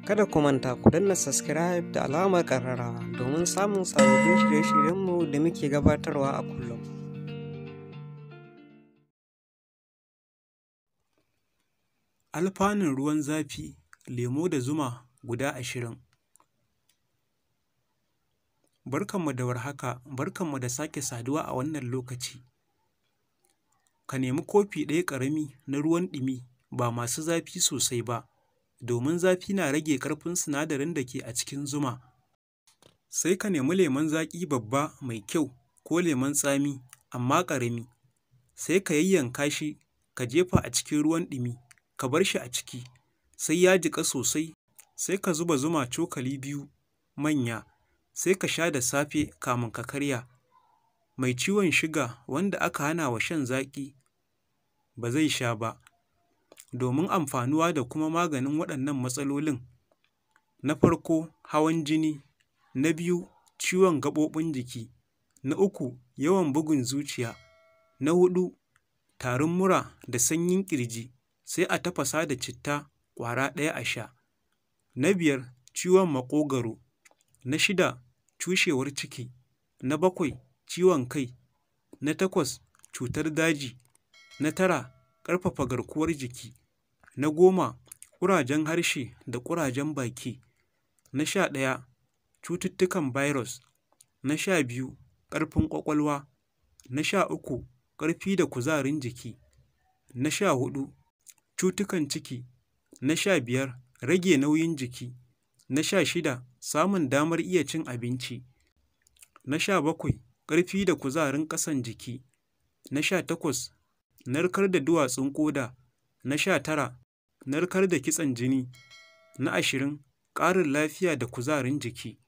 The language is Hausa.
Kada ku manta ku danna subscribe da alamar ƙararrawa domin samun sababbin shirye-shiryenmu da muke gabatarwa a kullum. Alfanun ruwan zafi, lemo da zuma guda ashirin. Barkanmu da warhaka, barkanmu da sake saduwa a wannan lokaci. Ka nemi kofi ɗaya ƙarami na ruwan ɗumi ba masu zafi sosai ba, domin zafi na rage ƙarfin sinadarin da ke a cikin zuma. Sai ka nemi lemon zaƙi babba mai kyau ko lemon tsami amma ƙarami, sai ka yayyanka shi ka jefa a cikin ruwan ɗumi ka bar shi a ciki, sai ya jiƙa sosai, sai ka zuba zuma cokali biyu manya, sai ka sha da safe kamin ka karya. Mai ciwon shiga wanda aka hana wa shan zaƙi ba zai sha ba. domin amfanuwa da kuma maganin waɗannan matsalolin. Na farko, hawan jini, na biyu, ciwon gaɓoɓin jiki, na uku, yawan bugun zuciya, na huɗu, tarin mura da sanyin ƙirji, sai a tafasa da citta ƙwara ɗaya a sha, na biyar, ciwon maƙogwaro, na shida, cushewar ciki, na bakwai, ciwon kai, na takwas, cutar daji, na tara, ƙarfafa garkuwar jiki; na goma, ƙurajen harshe da ƙurajen baki; na sha ɗaya, cututtukan birus; na sha biyu, ƙarfin ƙwaƙwalwa; na sha uku, ƙarfi da kuzarin jiki; na sha hudu, cutukan ciki; na sha biyar, rage nauyin jiki; na sha shida, samun damar iya cin abinci; na sha bakwai, ƙarfi da kuzarin ƙasan jiki; na sha takwas, narkar da duwatsun ƙoda na sha tara narkar da kitsen jini na ashirin ƙarin lafiya da kuzarin jiki